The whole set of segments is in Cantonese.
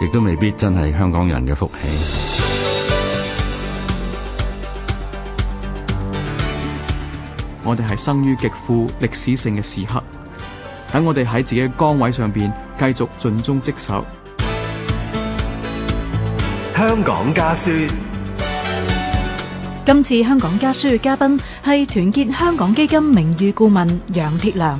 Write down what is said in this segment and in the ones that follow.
亦都未必真係香港人嘅福氣。我哋係生於極富歷史性嘅時刻，等我哋喺自己嘅崗位上邊繼續盡忠職守。香港家書，今 次香港家書嘅嘉賓係團結香港基金名譽顧問楊鐵樑。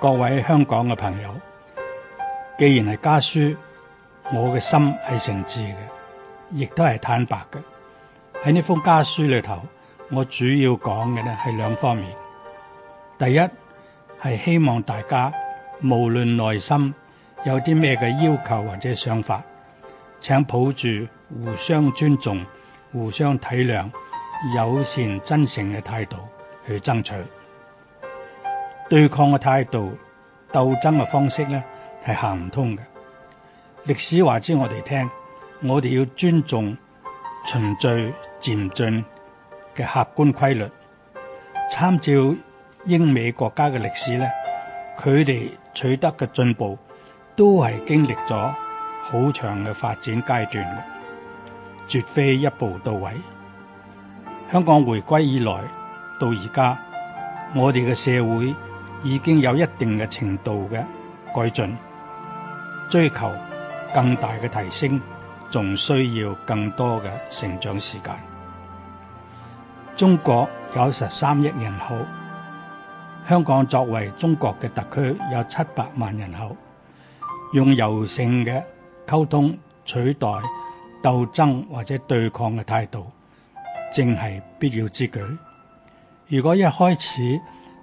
各位香港嘅朋友，既然係家書，我嘅心係誠摯嘅，亦都係坦白嘅。喺呢封家書裏頭，我主要講嘅咧，係兩方面。第一，係希望大家無論內心有啲咩嘅要求或者想法，請抱住互相尊重、互相體諒、友善真誠嘅態度去爭取。對抗嘅態度、鬥爭嘅方式咧，係行唔通嘅。歷史話知我哋聽，我哋要尊重循序漸進嘅客觀規律。參照英美國家嘅歷史咧，佢哋取得嘅進步都係經歷咗好長嘅發展階段，絕非一步到位。香港回歸以來，到而家，我哋嘅社會，已經有一定嘅程度嘅改進，追求更大嘅提升，仲需要更多嘅成長時間。中國有十三億人口，香港作為中國嘅特區有七百萬人口，用柔性嘅溝通取代鬥爭或者對抗嘅態度，正係必要之舉。如果一開始，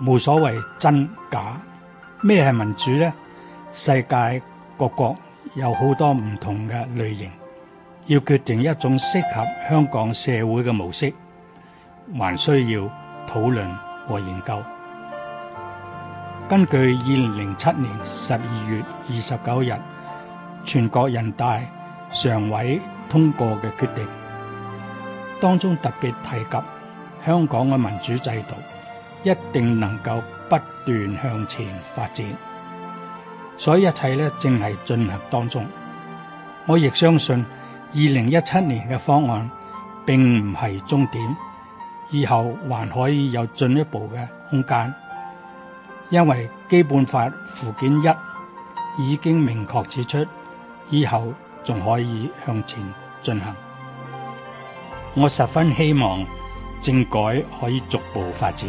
冇所謂真假，咩係民主呢？世界各國有好多唔同嘅類型，要決定一種適合香港社會嘅模式，還需要討論和研究。根據二零零七年十二月二十九日全國人大常委通過嘅決定，當中特別提及香港嘅民主制度。一定能夠不斷向前發展，所以一切呢，正係進行當中。我亦相信二零一七年嘅方案並唔係終點，以後還可以有進一步嘅空間，因為《基本法》附件一已經明確指出，以後仲可以向前進行。我十分希望政改可以逐步發展。